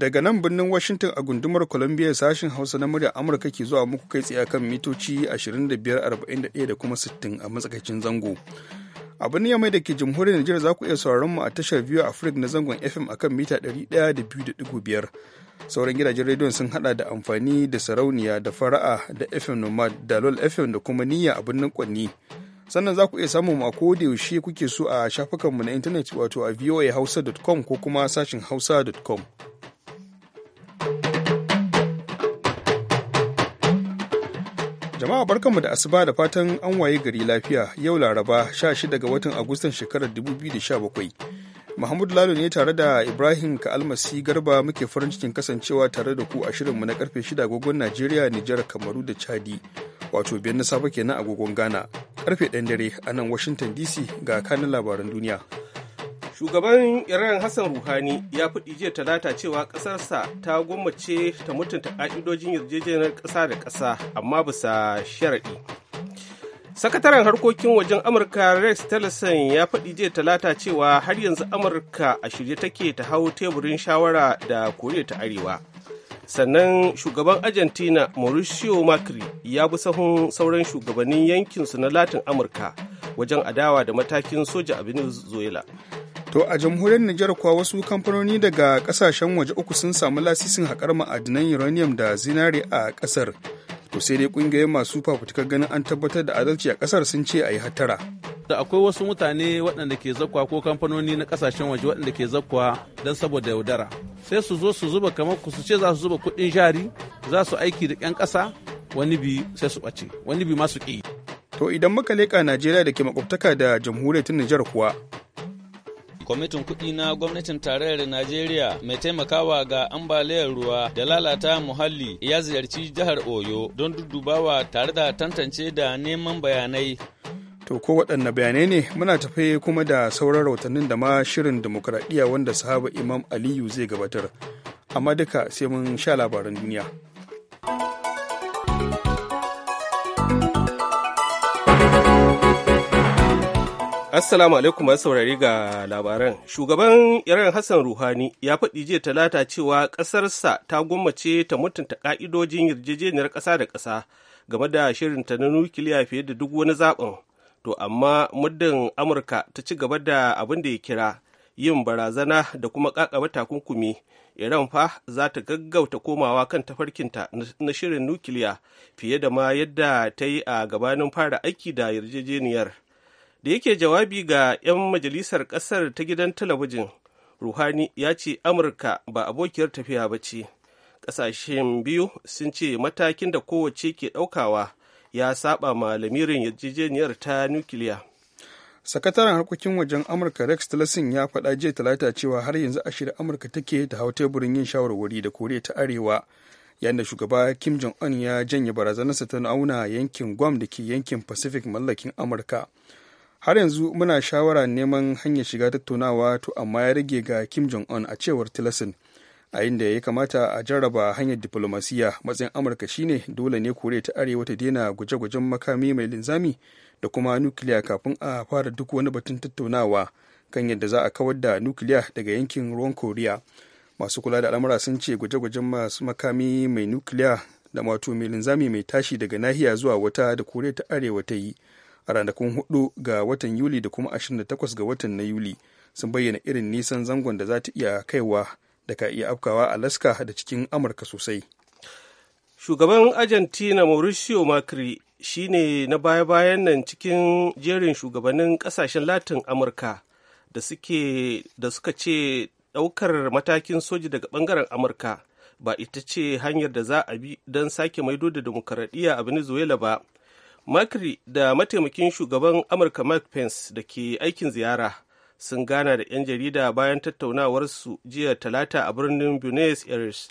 daga nan birnin washington a gundumar columbia sashen hausa na murya amurka ke zuwa muku kai tsaye kan mitoci 2541 da kuma 60 a matsakaicin zango a birnin yamai da ke jamhuriyar nijar za ku iya sauraron mu a tashar biyu afrik na zangon fm akan mita 102.5 sauran gidajen rediyon sun hada da amfani da sarauniya da fara'a da fm nomad da lol fm da kuma niyya a birnin kwanni sannan za ku iya samun mu a yaushe kuke so a shafukanmu na intanet wato a voahausa.com ko kuma sashin hausa.com Jama'a barkanmu da asuba da fatan an waye gari lafiya yau Laraba 16 ga watan Agustan shekarar 2017. Muhammadu Lalo ne tare da Ibrahim Ka'almasi Garba muke farin cikin kasancewa tare da ku a shirinmu na karfe 6 agogon Najeriya, Nijar, Kamaru da Chadi. Wato biyar na safe kenan agogon Ghana. Karfe 1 dare a nan Washington DC ga kanin labaran duniya. shugaban iran hassan ruhani ya faɗi jiya talata cewa ƙasarsa ta gwammace ta mutunta ƙa'idojin yarjejeniyar ƙasa da ƙasa amma bisa sharaɗi sakataren harkokin wajen amurka rex tillerson ya faɗi jiya talata cewa har yanzu amurka a shirye take ta hau teburin shawara da koriya ta arewa sannan shugaban argentina mauricio macri ya bi sahun sauran shugabannin yankinsu na latin amurka wajen adawa da matakin soja a venezuela To a jamhuriyar Nijar kuwa wasu kamfanoni daga kasashen waje uku sun samu lasisin haƙar ma'adinan uranium da zinare a ƙasar. To sai dai ƙungiyoyin masu fafutukar ganin an tabbatar da adalci a ƙasar sun ce a yi hattara. Da akwai wasu mutane waɗanda ke zakwa ko kamfanoni na ƙasashen waje waɗanda ke zakwa don saboda yaudara. Sai su zo su zuba kamar ku su ce za su zuba kuɗin jari, za su aiki da ƴan ƙasa, wani bi sai su ɓace, wani bi ma su ƙi. To idan muka leƙa Najeriya da ke makwabtaka da jamhuriyar Nijar kuwa, kwamitin kuɗi na gwamnatin tarayyar najeriya mai taimakawa ga ambaliyar ruwa da lalata muhalli ya ziyarci jihar oyo don dudubawa tare da tantance da neman bayanai to ko waɗanne bayanai ne muna tafe kuma da sauran rahotannin da ma shirin demokuraɗiyya wanda sahaba imam aliyu zai gabatar amma duka sai mun sha labaran duniya. Assalamu alaikum masu saurari ga labaran. Shugaban Iran Hassan Ruhani ya faɗi jiya talata cewa ƙasarsa ta gwammace ta mutunta ƙa'idojin yarjejeniyar ƙasa da ƙasa game da shirinta na nukiliya fiye da duk wani zaɓin. To amma muddin Amurka ta ci gaba da abin da ya kira yin barazana da kuma ƙaƙaba takunkumi, Iran fa za ta gaggauta komawa kan tafarkinta na shirin nukiliya fiye da ma yadda ta yi a gabanin fara aiki da yarjejeniyar. da yake jawabi ga 'yan majalisar kasar ta gidan talabijin ruhani ya ce amurka ba abokiyar tafiya ba ce ƙasashen biyu sun ce matakin da kowace ke ɗaukawa ya saba ma lamirin yarjejeniyar ta nukiliya sakataren harkokin wajen amurka rex tillerson ya faɗa jiya talata cewa har yanzu a shirya amurka take ta hau teburin yin shawarwari da koriya ta arewa yayin da shugaba kim jong un ya janye barazanarsa ta auna yankin guam da ke yankin pacific mallakin amurka har yanzu muna shawara neman hanyar shiga tattaunawa to amma ya rage ga kim jong un a cewar tilasin a inda ya kamata a jarraba hanyar diplomasiya matsayin amurka shine dole ne kore ta arewa ta daina gwaje-gwajen makami mai linzami da kuma nukiliya kafin a fara duk wani batun tattaunawa kan yadda za a kawar da nukiliya daga yankin ruwan koriya masu kula da al'amura sun ce gwaje-gwajen masu makami mai nukiliya da mato mai linzami mai tashi daga nahiya zuwa wata da koriya ta arewa ta yi a ranakun 4 ga watan yuli da kuma 28 ga watan na yuli sun bayyana irin nisan zangon da za ta iya kaiwa da ka iya afkawa alaska da cikin amurka sosai shugaban argentina mauricio macri shine na baya-bayan nan cikin jerin shugabannin kasashen latin amurka da suka ce ɗaukar matakin soji daga bangaren amurka ba ita ce hanyar da za a bi don sake maido da demokaradiyya a venezuela ba Macri da mataimakin shugaban Amurka Mike Pence da ke aikin ziyara sun gana da 'yan jarida bayan tattaunawarsu jiya talata a birnin Buenos Aires.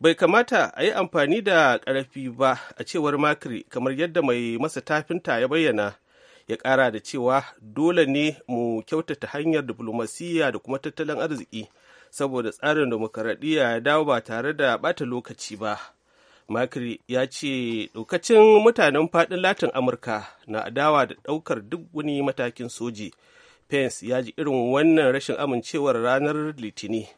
Bai kamata a yi amfani da ƙarfi ba a cewar Macri kamar yadda mai masa tafinta ya bayyana. Ya ƙara da cewa dole ne mu kyautata hanyar diflomasiyya da kuma tattalin arziki saboda tsarin dimokuraɗiyya ya dawo ba tare da ɓata lokaci ba. Makri ya ce dokacin mutanen fadin Latin Amurka na adawa da daukar duk wani matakin soji. Pence ya ji irin wannan rashin amincewar ranar Litini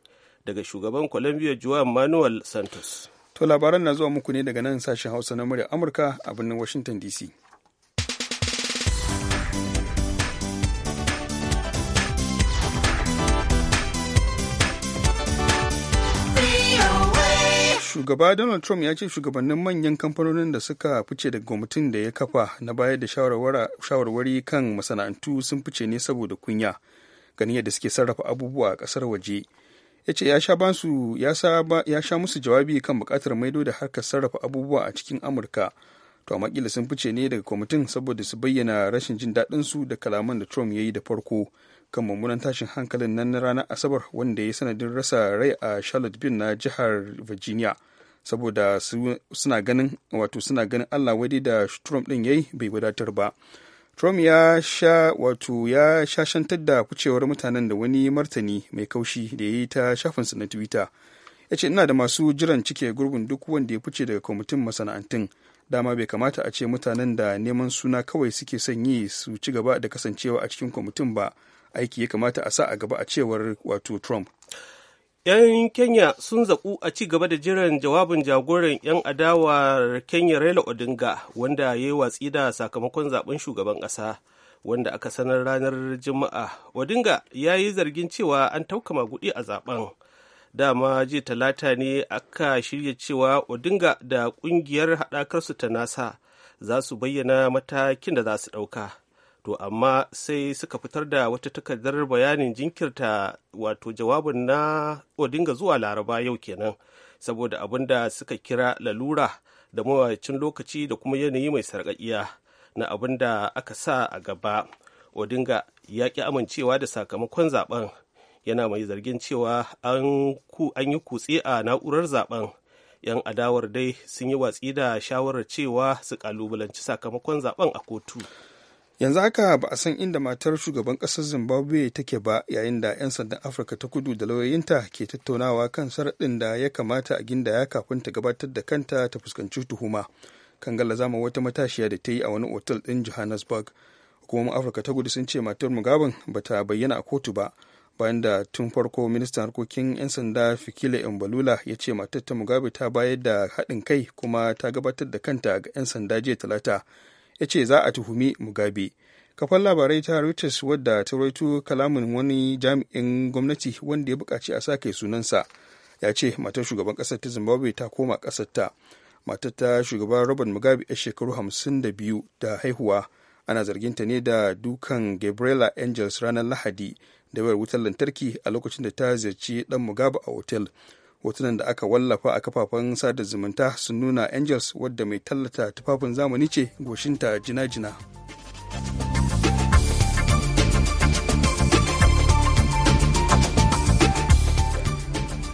daga shugaban Colombia Juan Manuel Santos. To labaran na zuwa muku ne daga nan sashen Hausa na murya Amurka a birnin Washington DC. shugaba donald trump ya ce shugabannin manyan kamfanonin da suka fice daga gwamnatin da ya kafa na bayar da shawarwari kan masana'antu sun fice ne saboda kunya ganin yadda suke sarrafa abubuwa a kasar waje ya ce ya sha musu jawabi kan bukatar maido da harkar sarrafa abubuwa a cikin amurka to a sun fice ne daga kwamitin saboda su bayyana rashin jin daɗin su da kalaman da trump ya yi da farko kan mummunan tashin hankalin nan na ranar asabar wanda ya yi sanadin rasa rai a bin na jihar virginia saboda suna ganin wato suna ganin allah wadi da trump din yayi bai wadatar ba trump ya sha wato ya shashantar da kucewar mutanen da wani martani mai kaushi da ya yi ta shafinsa na twitter ya ce ina da masu jiran cike gurbin duk wanda ya fice daga kwamitin masana'antun dama bai kamata a ce mutanen da neman suna kawai suke son yi su ci gaba da kasancewa a cikin kwamitin ba aiki ya kamata a sa a gaba a cewar wato trump 'yan kenya sun zaku a ci gaba da jiran jawabin jagoran 'yan adawar kenya raila odinga wanda ya yi watsi da sakamakon zaben shugaban ƙasa wanda aka sanar ranar juma'a odinga ya yi zargin cewa an tauka magudi a zaben dama ji talata ne aka shirya cewa odinga da ƙungiyar haɗakarsu ta nasa za su bayyana matakin da za su ɗauka to amma sai suka fitar da wata takardar bayanin jinkirta wato jawabin na odinga zuwa laraba yau kenan saboda abin da suka kira lalura da mawacin lokaci da kuma yanayi mai sarƙaƙiya na abin da aka sa a gaba odinga ya ƙi amincewa da sakamakon zaben yana mai zargin cewa an yi kutse a na'urar zaben yan adawar dai sun yi watsi da shawarar cewa su kalubalanci sakamakon zaben a kotu yanzu haka ba a san inda matar shugaban ƙasar zimbabwe take ba yayin da 'yan sandan afirka ta kudu da lauyoyinta ke tattaunawa kan sharaɗin da ya kamata a ginda ya kafin ta gabatar da kanta ta fuskanci tuhuma kan zama wata matashiya da ta yi a wani otal ɗin johannesburg hukumomin afirka ta kudu sun ce matar mugabin ba ta bayyana a kotu ba bayan da tun farko ministan harkokin 'yan sanda fikile imbalula ya ce matar ta mugabe ta bayar da haɗin kai kuma ta gabatar da kanta ga 'yan sanda jiya talata ya ce za a tuhumi mugabe kafar labarai ta reuters wadda ta raito kalamin wani jami'in gwamnati wanda ya buƙaci a sake sunansa ya ce matar shugaban ƙasar ta zimbabwe ta koma ƙasar ta matar ta shugaban robert mugabe yar shekaru hamsin da biyu da haihuwa ana zarginta ne da dukan gabriela angels ranar lahadi da wayar wutar lantarki a lokacin da ta ziyarci dan mugabe a otel hotunan da aka wallafa a kafafen sada zumunta sun nuna angels wadda mai tallata tufafin zamani ce goshinta jina-jina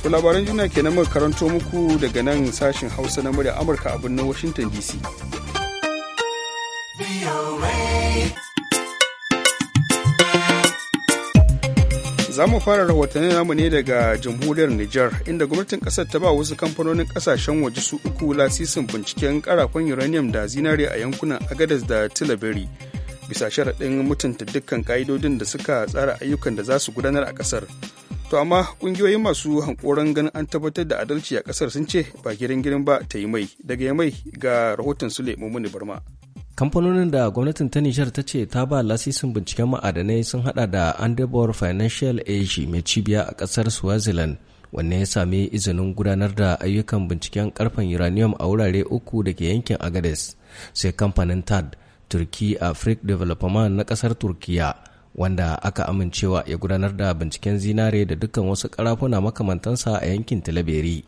To labaran juna kenan muka karanto muku daga nan sashin Hausa na murya Amurka a birnin Washington DC. za mu fara rahotanni namu ne daga jamhuriyar Nijar inda gwamnatin kasar ta ba wasu kamfanonin kasashen waje su uku lasisin binciken karafan uranium da zinare a yankunan agadas da tilabiri bisa sharaɗin mutunta dukkan ka'idodin da suka tsara ayyukan da za su gudanar a kasar to amma ƙungiyoyin masu hankoron ganin an tabbatar da adalci a kasar sun ce ba girin girin ba ta yi mai daga yamai ga rahoton sule muni barma kamfanonin da gwamnatin ta nijar ta ce ta ba lasisin binciken ma'adanai sun hada da andebor financial age mai cibiya a kasar swaziland wanne ya sami izinin gudanar da ayyukan binciken karfen uranium a wurare uku da ke yankin agades sai kamfanin tad turki afric development na kasar turkiya wanda aka amincewa ya gudanar da binciken zinare da dukkan wasu karafuna makamantansa a yankin talaberi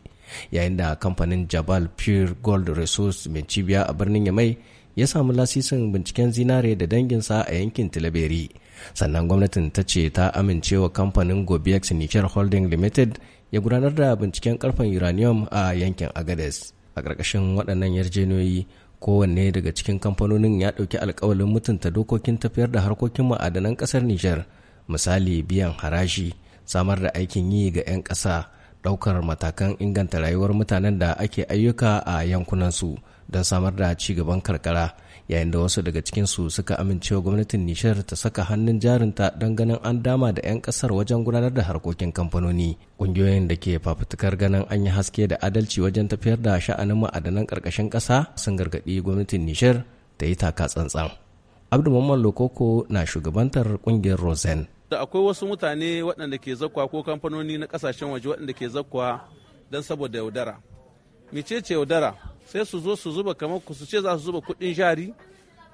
yayin da kamfanin jabal pure gold resource mai cibiya a birnin yamai ya samu lasisin binciken zinare da danginsa a yankin tilaberi sannan gwamnatin ta ce ta amincewa kamfanin gobex niger holding limited ya gudanar da binciken karfen uranium a yankin agades a ƙarƙashin waɗannan yarjejeniyoyi kowanne daga cikin kamfanonin ya ɗauki alkawalin mutunta dokokin tafiyar da harkokin ma'adanan ƙasar niger misali biyan haraji samar da aikin yi ga 'yan ƙasa ɗaukar matakan inganta rayuwar mutanen da ake ayyuka a yankunansu don samar da ci gaban karkara yayin da wasu daga cikinsu suka amincewa gwamnatin nishar ta saka hannun jarinta don ganin an dama da 'yan kasar wajen gudanar da harkokin kamfanoni ƙungiyoyin da ke fafutukar ganin an yi haske da adalci wajen tafiyar da sha'anin ma'adanan ƙarƙashin ƙasa sun gargaɗi gwamnatin nishar ta yi taka tsantsan abdu mamman lokoko na shugabantar ƙungiyar rosen da akwai wasu mutane waɗanda ke zakwa ko kamfanoni na ƙasashen waje waɗanda ke zakwa don saboda yaudara mecece yaudara sai su zo su zuba kamar ku su ce za su zuba kuɗin jari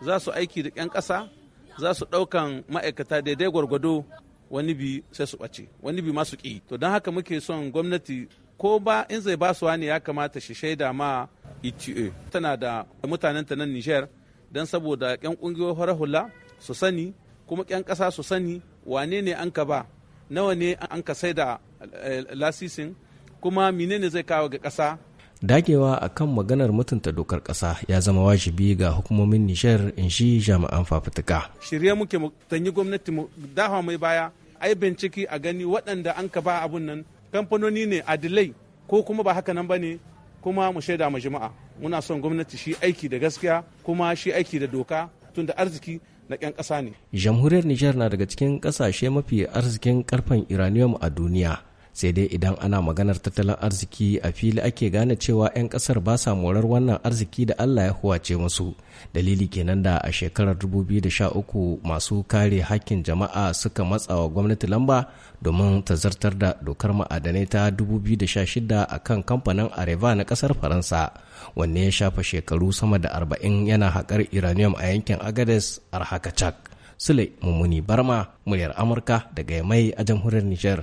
za su aiki da 'yan ƙasa za su ɗaukan ma'aikata daidai gwargwado wani bi sai su ɓace wani bi masu ƙi to don haka muke son gwamnati ko ba in zai ba su wani ya kamata shi shaida ma ETA tana da mutanen ta nan Niger don saboda 'yan ƙungiyoyin hore hula su sani kuma 'yan ƙasa su sani wane ne an ka ba nawa ne an ka sai da eh, lasisin kuma menene zai kawo ga ƙasa dagewa a kan maganar mutunta dokar ƙasa ya zama wajibi ga hukumomin nishar in shi jami'an fafutuka shirya muke tanyi gwamnati mu dafa mai baya ai binciki a gani waɗanda an ka ba abun nan kamfanoni ne a adilai ko kuma ba haka nan ba ne kuma mu shaida ma jama'a muna son gwamnati shi aiki da gaskiya kuma shi aiki da doka tunda da arziki na 'yan ƙasa ne jamhuriyar nijar na daga cikin ƙasashe mafi arzikin karfen uranium a duniya sai dai idan ana maganar tattalin arziki a fili ake gane cewa 'yan kasar ba sa morar wannan arziki da allah ya huwace musu dalili kenan da a shekarar 2013 masu kare hakkin jama'a suka matsawa wa gwamnati lamba domin ta zartar da dokar ma'adanai ta 2016 a kan kamfanin areva na kasar faransa wanne ya shafa shekaru sama da 40 yana haƙar uranium a yankin agades arhakachak sule mummuni barma muryar amurka daga mai a jamhuriyar niger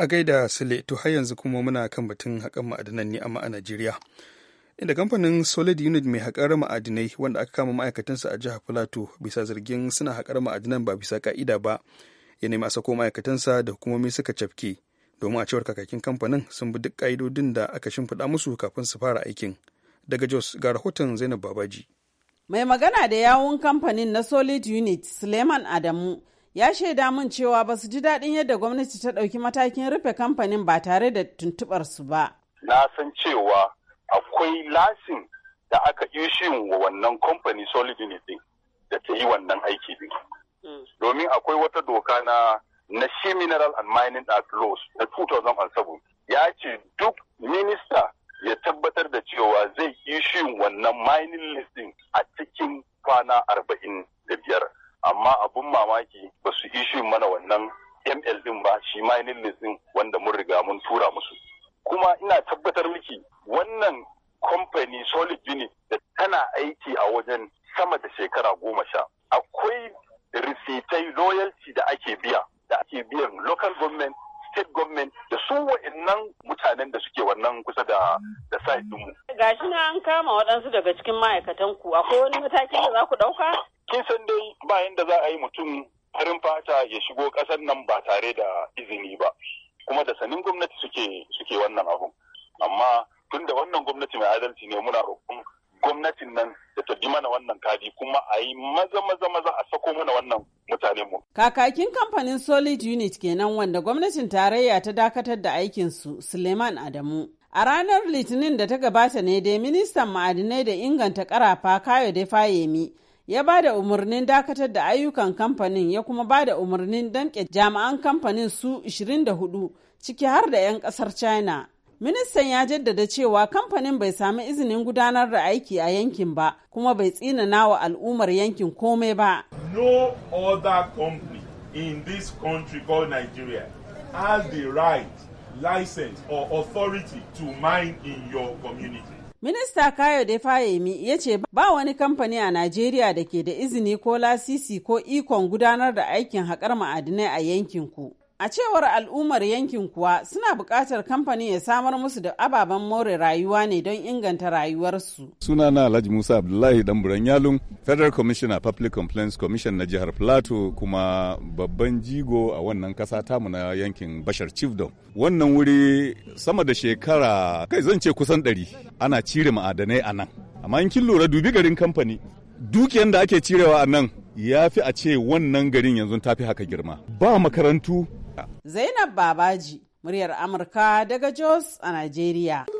a gaida sule to har yanzu kuma muna kan batun haƙan ma'adinan ne amma a najeriya inda kamfanin solid unit mai haƙar ma'adinai wanda aka kama ma'aikatansa a jihar plateau bisa zargin suna haƙar ma'adinan ba bisa ka'ida ba ya nemi a sako ma'aikatansa da hukumomi suka cafke domin a cewar kakakin kamfanin sun bi duk ƙa'idodin da aka shimfiɗa musu kafin su fara aikin daga jos ga rahoton zainab babaji mai magana da yawun kamfanin na solid unit suleiman adamu ya shaida min cewa ba su ji daɗin yadda gwamnati ta ɗauki matakin rufe kamfanin ba tare da tuntuɓar su ba. Na san cewa akwai lasin da aka ishin wa wannan kamfani solid din da ta yi wannan aiki din. Hmm. Domin akwai wata doka na na shi mineral and mining act laws na 2007 ya ce duk minista ya tabbatar da cewa zai shi wannan mining listing a cikin kwana arba'in da biyar. amma abun mamaki ba su ishu mana wannan ml din ba shi ma list din wanda mun riga mun tura musu kuma ina tabbatar miki wannan kamfani solid unit da tana aiki a wajen sama da shekara goma sha akwai risitai loyalty da ake biya da ake biyan local government state government da su wa'annan mutanen da suke wannan kusa da da site mu gashi na an kama waɗansu daga cikin ma'aikatan ku akwai wani matakin da za ku ɗauka kin san dai ba yadda za a yi mutum farin fata ya shigo ƙasar nan ba tare da izini ba kuma da sanin gwamnati suke suke wannan abu amma tun da wannan gwamnati mai adalci ne muna roƙon gwamnatin nan da ta ji mana wannan kadi kuma a yi maza maza maza a sako mana wannan mutanen mu. Kakakin kamfanin Solid Unit kenan wanda gwamnatin tarayya ta dakatar da aikinsu Suleiman Adamu. A ranar Litinin da ta gabata ne dai ministan ma'adinai da inganta karafa Kayo Fayemi ya ba da umarnin dakatar da ayyukan kamfanin ya kuma ba da umarnin danke jami'an kamfanin su 24 ciki har da 'yan kasar china ministan ya jaddada cewa kamfanin bai sami izinin gudanar da aiki a yankin ba kuma bai tsina nawa al'ummar yankin komai ba no other company in this country called nigeria has the right license or authority to mine in your community Minista Kayode Fayemi ya ce ba wani kamfani a Najeriya da ke da izini ko lasisi ko ikon gudanar da aikin haƙar ma'adinai a yankin ku. A cewar al'ummar yankin kuwa suna buƙatar kamfani ya samar musu da ababen more rayuwa ne don inganta rayuwarsu. Sunana Alhaji Musa Abdullahi Damburan Yalun, Federal Commissioner Public Complaints Commission na jihar Plateau kuma babban jigo a wannan kasa tamu na yankin Bashar Chiefdom. Wannan wuri sama da shekara kai zan ce kusan ɗari ana cire ma'adanai a nan. Amma in kin lura dubi garin kamfani dukiyan da ake cirewa a nan ya fi a ce wannan garin yanzu ta fi haka girma. Ba makarantu Zainab Babaji, muryar Amurka daga Jos a Najeriya. To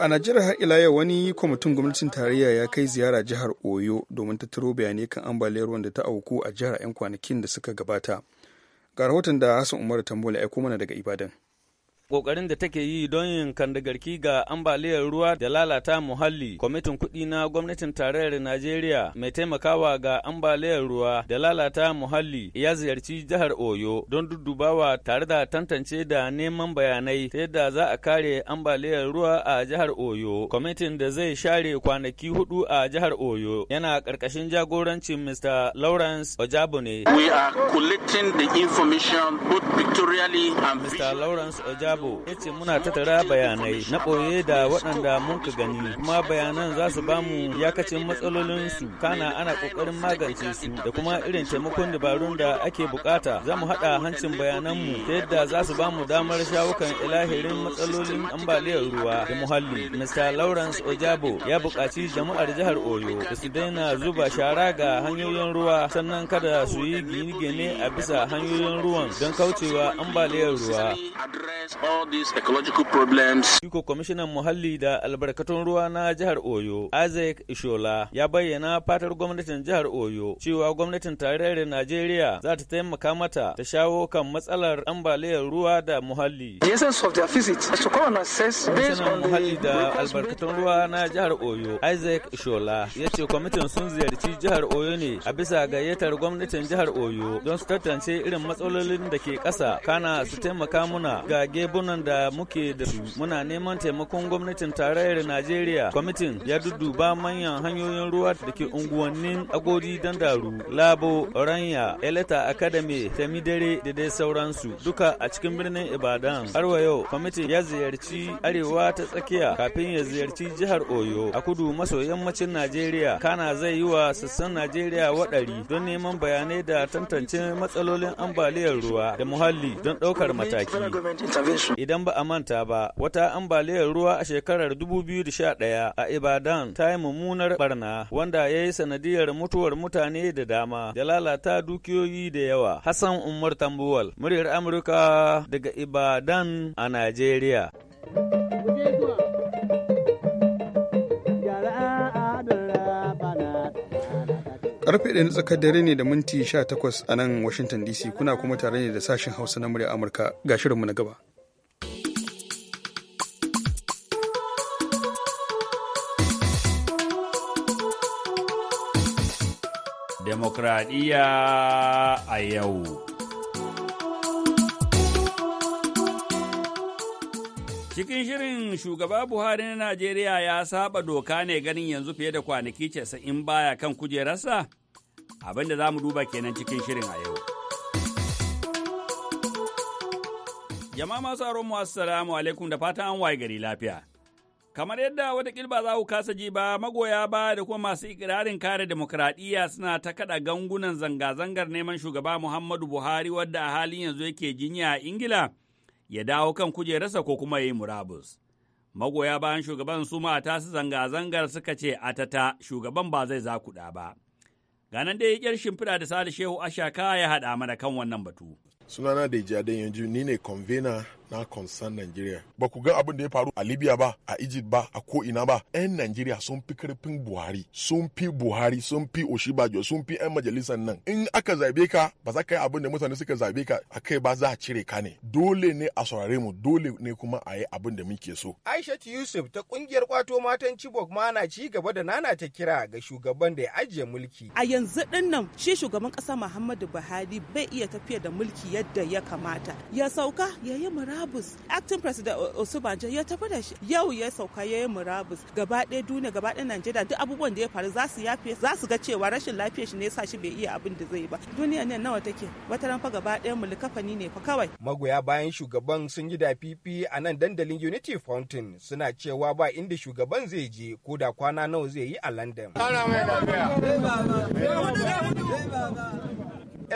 a Najeriya har ila yau wani kwamitin gwamnatin tarayya ya kai ziyara jihar Oyo domin tattaro bayanai kan ambaliyar ruwan da ta auku a jihar 'yan kwanakin da suka gabata. ga rahoton da hassan umaru tambola ya mana daga ibadan kokarin da take yi don yin kandagarki ga ambaliyar ruwa da lalata muhalli kwamitin kuɗi na gwamnatin tarayyar najeriya mai taimakawa ga ambaliyar ruwa da lalata muhalli ya ziyarci jihar oyo don duddubawa tare da tantance da neman bayanai ta yadda za a kare ambaliyar ruwa a jihar oyo kwamitin da zai share kwanaki hudu a jihar oyo yana ƙarƙashin jagorancin mr lawrence ne we are collecting the information both pictorially and Mr. Lawrence Oja Dabo ya ce muna tattara bayanai na ɓoye da waɗanda mun ka gani kuma bayanan za su bamu yakacin matsalolin su kana ana ƙoƙarin magance su da kuma irin taimakon dabarun da ake buƙata za mu haɗa hancin bayanan mu ta yadda za su bamu damar shawukan ilahirin matsalolin ambaliyar ruwa da muhalli. Mr. Lawrence Ojabo ya buƙaci jama'ar jihar Oyo da su daina zuba shara ga hanyoyin ruwa sannan kada su yi gine-gine a bisa hanyoyin ruwan don kaucewa ambaliyar ruwa. all Iko kwamishinan muhalli da albarkatun ruwa na jihar Oyo, Isaac Ishola, ya bayyana fatar gwamnatin jihar Oyo cewa gwamnatin tarayyar Najeriya za ta taimaka mata ta shawo kan matsalar ambaliyar ruwa da muhalli. Kwamishinan muhalli da albarkatun ruwa na jihar Oyo, Isaac Ishola, ya ce kwamitin sun ziyarci jihar Oyo ne a bisa gayyatar gwamnatin jihar Oyo don su tantance irin matsalolin da ke ƙasa kana su taimaka muna ga abubuwan da muke da su muna neman taimakon gwamnatin tarayyar najeriya kwamitin ya duduba manyan hanyoyin ruwa da ke unguwannin agodi dandaru labo ranya eleta academy tamidare da dai sauransu duka a cikin birnin ibadan har wa yau kwamitin ya ziyarci arewa ta tsakiya kafin ya ziyarci jihar oyo a kudu maso yammacin najeriya kana zai yi wa sassan najeriya waɗari don neman bayanai da tantance matsalolin ambaliyar ruwa da muhalli don ɗaukar mataki su. Idan ba a manta ba, wata ambaliyar ruwa a shekarar 2011 a Ibadan ta yi mummunar barna wanda ya yi sanadiyar mutuwar mutane da dama da lalata dukiyoyi da yawa. Hassan Umar Tambuwal, muryar Amurka daga Ibadan a Najeriya. karfe ɗaya na tsakar dare ne da minti 18 a nan washington dc kuna kuma tare ne da sashen hausa na murya amurka ga shirinmu na gaba Demokradiyya a yau. Cikin shirin shugaba Buhari na Najeriya ya saba doka ne ganin yanzu fiye da kwanaki in baya kan kujerarsa? Abin da za mu duba kenan cikin shirin a yau. Jama'a masu aron mu assalamu alaikum da fatan an waye gari lafiya. Kamar yadda wata ba za ku kasa ji ba, magoya ba da kuma masu ikirarin kare demokradiyya suna ta kaɗa gangunan zanga-zangar neman shugaba Muhammadu Buhari wadda a halin yanzu yake jinya a Ingila ya dawo kan kujerarsa ko kuma ya yi murabus. Magoya bayan shugaban su ma su zanga-zangar suka ce a tata shugaban ba zai zakuɗa ba. Ganan dai ƙyar shimfiɗa da Salisu Shehu Ashaka ya haɗa mana kan wannan batu. sunana da jaden yanzu ni ne na concern Nigeria. Ba ku ga abin da ya faru a Libya ba, a Egypt ba, a ko ina ba. 'Yan Nigeria sun fi karfin Buhari, sun fi Buhari, sun fi Oshibajo, sun fi 'yan majalisar nan. In aka zabe ka, ba za ka yi abin da mutane suka zabe ka a kai ba za a cire ka ne. Dole ne a saurare mu, dole ne kuma a yi abin da muke so. Aishatu Yusuf ta kungiyar kwato matan Chibok ma na ci gaba da nana ta kira ga shugaban da ya ajiye mulki. A yanzu din nan shi shugaban kasa Muhammadu Buhari bai iya tafiya da mulki yadda ya kamata ya sauka ya yi murabus acting president osubanjo ya tafi da shi yau ya sauka ya yi murabus gaba ɗaya duniya gaba ɗaya najeriya duk abubuwan da ya faru za su yafe za su ga cewa rashin lafiyar shi ne sa shi bai iya abin da zai ba duniya nan nawa take wata ran fa gaba ɗaya mu likafani ne fa kawai magoya bayan shugaban sun yi dafifi a nan dandalin unity fountain suna cewa ba inda shugaban zai je ko da kwana nawa zai yi a london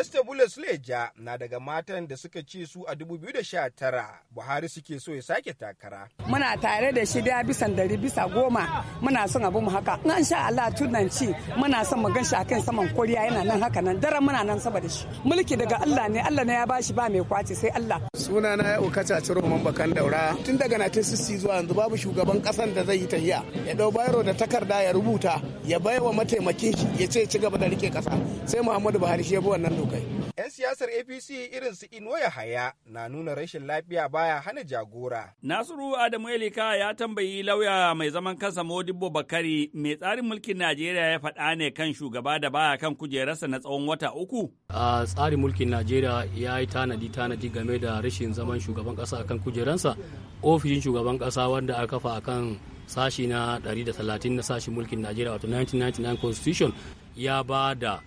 Esther Estebule sleja na daga matan da suka ce su a 2019 Buhari suke so ya sake takara. Muna tare da shi da bisan dari bisa goma muna son abu mu haka. In sha Allah tunan ci muna son mu ganshi akan saman koriya yana nan haka nan daren muna nan saboda shi. Mulki daga Allah ne Allah ne ya bashi ba mai kwace sai Allah. Suna na ya ukata ciro man bakan daura tun daga sissi zuwa yanzu babu shugaban kasan da zai yi tahiya ya dau bayro da takarda ya rubuta ya baiwa mataimakin shi ya ce ci gaba da rike kasa sai Muhammadu Buhari shi ya bi wannan kai. 'Yan siyasar APC irin su Ino Yahaya na nuna rashin lafiya baya hana jagora. Nasiru Adamu Elika ya tambayi lauya mai zaman kansa Modibbo Bakari mai tsarin mulkin Najeriya ya faɗa ne kan shugaba da baya kan kujerarsa na tsawon wata uku. A tsarin mulkin Najeriya ya yi tanadi tanadi game da rashin zaman shugaban ƙasa kan kujerarsa. Ofishin shugaban ƙasa wanda aka kafa kan sashi na 130 na sashin mulkin Najeriya wato 1999 Constitution ya ba da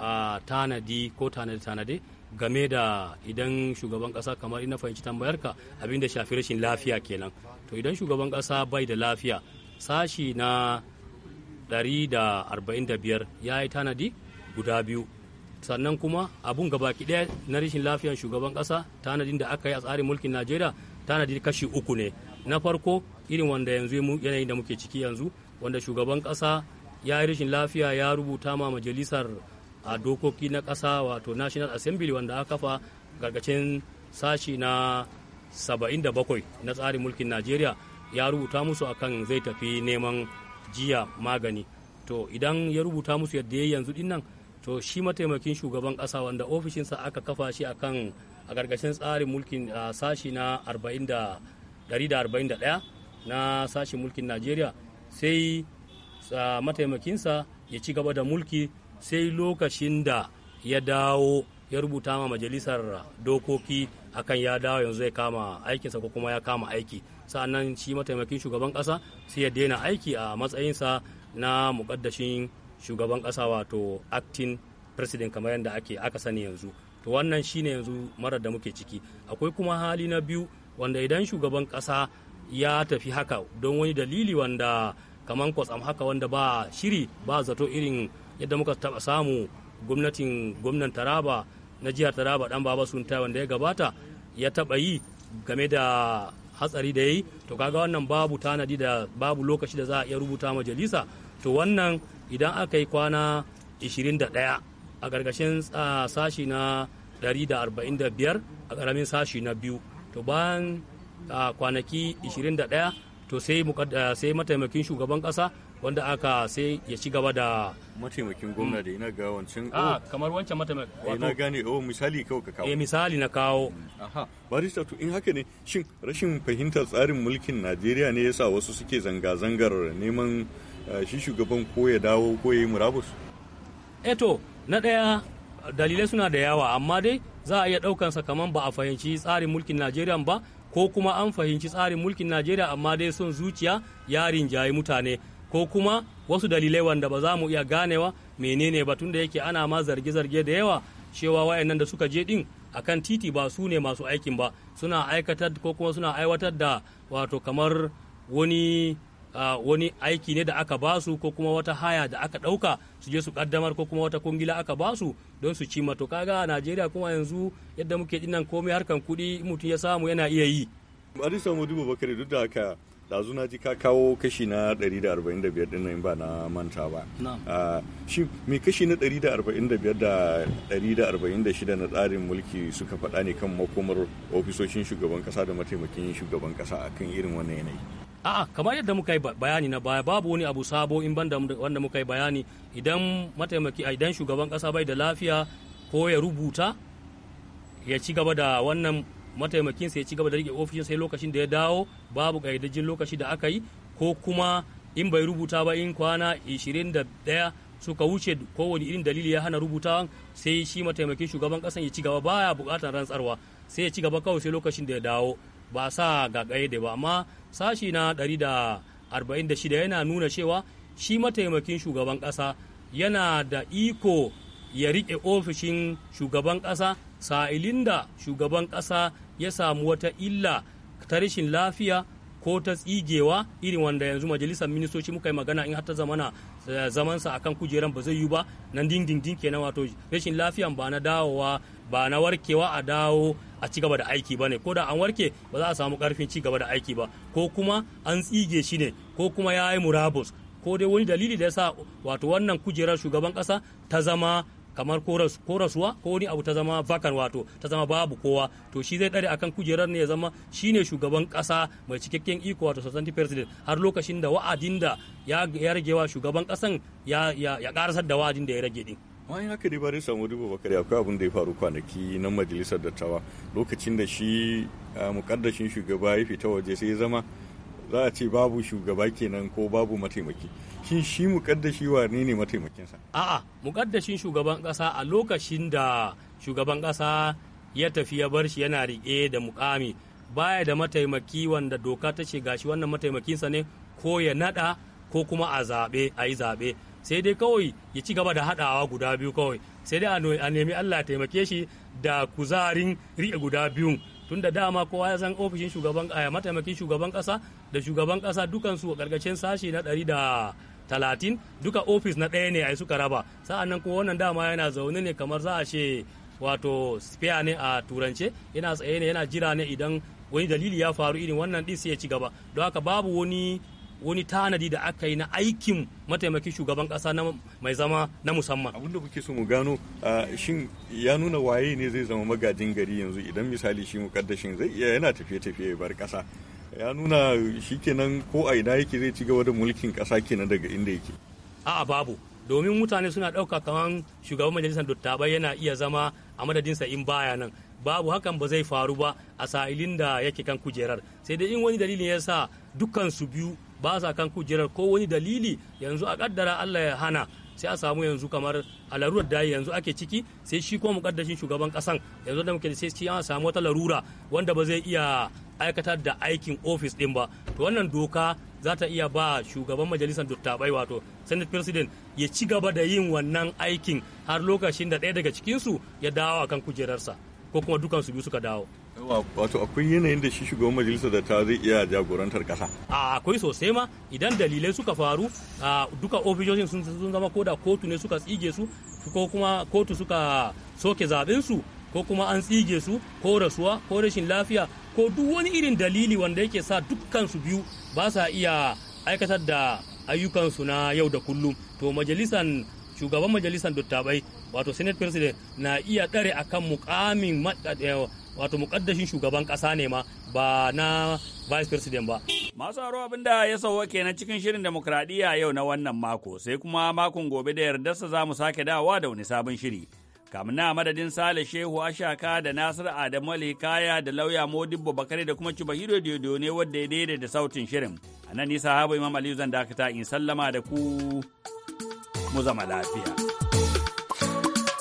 A tanadi ko tanade-tanade game da idan shugaban kasa kamar ina fahimci tambayarka abinda shafi rashin lafiya kenan to idan shugaban kasa bai da lafiya sashi na 145 ya yi tanadi guda biyu sannan kuma abun gabaki ɗaya na rashin lafiyar shugaban kasa tanadin da aka yi a tsarin mulkin najeriya tanadi kashi uku ne na farko irin wanda yanzu yanayin da muke ciki yanzu wanda shugaban kasa ya yi rashin lafiya ya rubuta ma majalisar a dokoki na ƙasa wato national assembly wanda aka kafa gargacin sashi na 77 na tsarin mulkin najeriya ya rubuta musu akan zai tafi neman jiya magani to idan ya rubuta musu yadda ya yanzu din nan to shi mataimakin shugaban ƙasa wanda ofishinsa aka kafa shi akan a gargashin tsarin mulkin a sashi na 141 na sashin mulkin najeriya sai mataimakinsa ya ci gaba da mulki sai lokacin da ya dawo ya rubuta ma majalisar dokoki akan ya dawo yanzu ya kama aikinsa ko kuma ya kama aiki sa'annan shi mataimakin shugaban kasa sai ya daina aiki a matsayinsa na mukaddashin shugaban kasa wato acting president kamar yadda ake aka sani yanzu to wannan shine yanzu mara da muke ciki akwai kuma hali na biyu wanda idan shugaban kasa ya tafi haka don wani dalili wanda kamar kwatsam haka wanda ba shiri ba zato irin yadda muka taba samu gwamnatin gwamnan taraba na jihar taraba dan baba sunta wanda ya gabata ya taɓa yi game da hatsari da ya yi to kaga wannan babu tanadi da babu lokaci da za a iya rubuta majalisa to wannan idan aka yi kwana 21 a gargashin sashi na 145 a ƙaramin sashi na biyu to bayan kwanaki 21 to sai mataimakin shugaban ƙasa wanda aka sai ya ci gaba da mataimakin gwamna da ina ga wancan a ah, oh. kamar wancan mataimakin ina eh, gane o oh, misali kawo ka kawo eh misali na kawo mm, aha barista to in haka ne shin rashin fahimtar tsarin mulkin Najeriya ne yasa wasu suke zanga zangar neman eh, shi shugaban ko ya dawo ko ya yi murabus eh to na daya dalilai suna da yawa amma dai za a iya daukansa kamar ba a fahimci tsarin mulkin Najeriya ba ko kuma an fahimci tsarin mulkin Najeriya amma dai son zuciya ya rinjaye mutane ko kuma wasu dalilai wanda ba za mu iya ganewa menene ba tunda yake ana ma zarge-zarge da yawa cewa wayannan da suka je din akan titi ba su ne masu aikin ba suna aikatar ko kuma suna aiwatar da wato kamar wani Uh, wani aiki ne da aka ba su ko kuma wata haya da aka ɗauka su je su kaddamar ko kuma wata kungila aka ba su don su ci mato kaga a najeriya kuma yanzu yadda muke dinnan komai harkan kuɗi mutum ya samu yana iya yi Adisa duk da haka ɗazu na ji ka kawo kashi na 145 ɗin nan ba na manta ba ah, shi mai kashi na 145 da 146 na tsarin mulki suka faɗa ne kan makomar ofisoshin shugaban kasa da mataimakin shugaban kasa akan irin wannan yanayi a'a kamar yadda muka yi bayani na baya babu wani abu sabo in banda wanda muka yi bayani idan mataimaki idan shugaban kasa bai da lafiya ko ya rubuta ya ci gaba da wannan mataimakinsa ya ci gaba da rike ofishin sai lokacin da ya dawo babu ƙayyadajjin lokaci da aka yi ko kuma in bai rubuta ba in kwana 21 suka wuce kowane irin dalili ya hana rubutawan sai shi mataimakin shugaban kasan ya ci gaba baya bukatar rantsarwa sai ya ci gaba kawai sai lokacin da ya dawo ba sa ga da ba amma sashi na 146 yana nuna cewa shi mataimakin shugaban kasa yana da iko ya rike ofishin shugaban kasa sa'ilin da shugaban kasa ya samu wata illa ta rashin lafiya ko ta tsigewa irin wanda yanzu majalisar ministoci muka yi magana in har ta zamana eh, zamansa akan kujeran ba zai yi ba nan dindindin kenan wato rashin lafiya ba na dawowa ba na warkewa a dawo a ci gaba da aiki ba ne ko da an warke ba za a samu karfin ci gaba da aiki ba ko kuma an tsige shi ne ko kuma ya yi murabus ko dai wani dalili da ya sa wato wannan kujerar shugaban kasa ta zama kamar korasuwa ko wani abu ta zama vakan wato ta zama babu kowa to shi zai dare akan kujerar ne ya zama shine shugaban kasa mai cikakken iko wato substantive president har lokacin da wa'adin da ya rage wa shugaban kasan ya karasar da wa'adin da ya rage din wani haka dai bari samu dubu bakari akwai abin da ya faru kwanaki na majalisar dattawa lokacin da shi mukaddashin shugaba ya fita waje sai ya zama za a ce babu shugaba kenan ko babu mataimaki shin shi mukaddashi wane ne mataimakinsa a'a mukaddashin shugaban kasa a lokacin da shugaban kasa ya tafi ya bar shi yana rike da mukami baya da mataimaki wanda doka ta ce gashi wannan mataimakinsa ne ko ya nada ko kuma a zaɓe a yi zaɓe sai dai kawai ya ci gaba da haɗawa guda biyu kawai sai dai a nemi allah ya taimake shi da kuzarin riƙe guda biyun tun da dama kowa ya san ofishin shugaban eh, mataimakin shugaban ƙasa da shugaban ƙasa dukansu a ƙarƙashin sashi na ɗari da talatin duka ofis na ɗaya ne a suka raba sa'an nan kuma wannan dama yana zaune ne kamar za a ce wato spare ne a turance yana tsaye ne yana jira ne idan wani dalili ya faru irin wannan ɗin sai ya ci gaba don haka babu wani wani tanadi da aka yi na aikin mataimakin shugaban kasa na mai zama na musamman abin da kuke so mu gano shin ya nuna waye ne zai zama magajin gari yanzu idan misali shi mukaddashin zai iya yana tafiye-tafiye bar kasa ya nuna shikenan ko a ina yake zai ci gaba da mulkin kasa kenan daga inda yake a'a babu domin mutane suna ɗauka kamar shugaban majalisar dottaba yana iya zama a madadinsa in baya nan babu hakan ba zai faru ba a sa'ilin da yake kan kujerar sai dai in wani dalili ya sa dukkan su biyu ba sa kan kujerar ko wani dalili yanzu a kaddara Allah ya hana sai a samu yanzu kamar a larurar da yanzu ake ciki sai shi kuma mukaddashin shugaban kasan yanzu da muke da sai an samu wata larura wanda ba zai iya aikatar da aikin ofis din ba to wannan doka za ta iya ba shugaban majalisar dattabai wato senate president ya ci gaba da yin wannan aikin har lokacin da ɗaya daga cikinsu ya dawo a kan kujerarsa ko kuma dukansu biyu suka dawo wato akwai yanayin da shi shugaban majalisar da ta zai iya jagorantar kasa a akwai sosai ma idan dalilai suka faru duka ofishoshin sun zama ko da kotu ne suka tsige su ko kuma kotu suka soke zaben ko kuma an tsige su ko rasuwa ko rashin lafiya ko duk wani irin dalili wanda yake sa dukkan su biyu ba sa iya aikatar da ayyukansu na yau da kullum to majalisan shugaban majalisan dattabai wato senate president na iya ɗare akan mukamin eh, wato mukaddashin shugaban kasa ne ma ba na vice president ba. Masu haro abin da ya sauwa kenan cikin shirin demokradiyya yau na wannan mako sai kuma makon gobe da yardarsa za mu sake dawa da wani sabon shiri. kamuna madadin Sale Shehu Ashaka da Nasir Adamu kaya da lauya Modibbo Bakare da kuma Cibahiro yadda ne wadda ya daidai da sautin shirin. A nan nisa habu Imam Aliyu zan dakata in sallama da ku mu zama lafiya.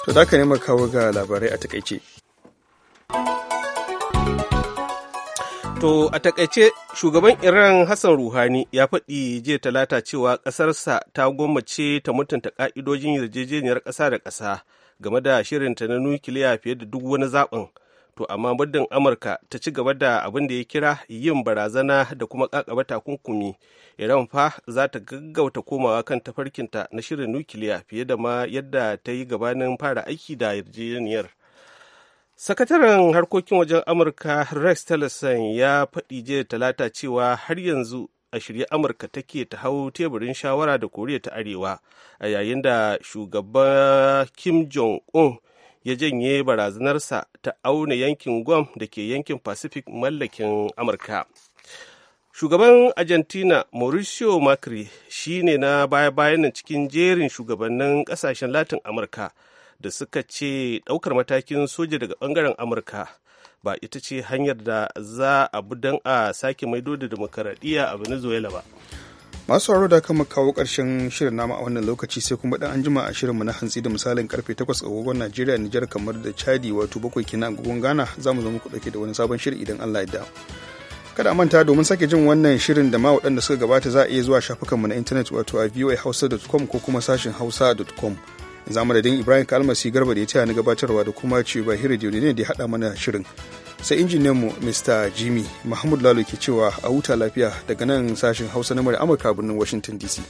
To da ka ne kawo ga labarai a takaice. To a takaice shugaban Iran Hassan Ruhani ya faɗi jiya talata cewa ƙasarsa ta gwammace ta mutunta ƙa'idojin yarjejeniyar ƙasa da ƙasa game da shirinta na nukiliya fiye da duk wani zaɓin. To amma muddin Amurka ta ci gaba da abin da ya kira yin barazana da kuma ƙaƙaba takunkumi, Iran fa za ta gaggauta komawa kan tafarkinta na shirin nukiliya fiye da ma yadda ta yi gabanin fara aiki da yarjejeniyar. Sakataren harkokin wajen Amurka Rex Tillerson ya faɗi jiya talata cewa har yanzu a shirye Amurka take ta hau teburin shawara da Koriya ta Arewa a yayin da shugaba Kim Jong-un ya janye barazanarsa ta auna yankin Guam da ke yankin Pacific mallakin Amurka. Shugaban Argentina Mauricio Macri shi ne na baya-bayan cikin jerin shugabannin ƙasashen Latin Amurka da suka ce ɗaukar matakin soja daga bangaren amurka ba ita ce hanyar da za a bi don a sake maido da demokaradiyya a venezuela ba masu haro da aka kawo ƙarshen shirin nama a wannan lokaci sai kuma dan anjima a shirinmu na hantsi da misalin karfe 8 agogon najeriya nijar kamar da chadi wato bakwai kina agogon ghana za mu zo muku dauke da wani sabon shiri idan allah ya kada manta domin sake jin wannan shirin da ma waɗanda suka gabata za a iya zuwa shafukanmu na intanet wato a voahausa.com ko kuma sashin hausa.com za mu da ibrahim kalmasi garba da ya taya ni gabatarwa da kuma ce ba hira ne da ya haɗa mana shirin sai injiniyan mu mr jimmy mahmud lalo ke cewa a huta lafiya daga nan sashen hausa na amurka birnin washington dc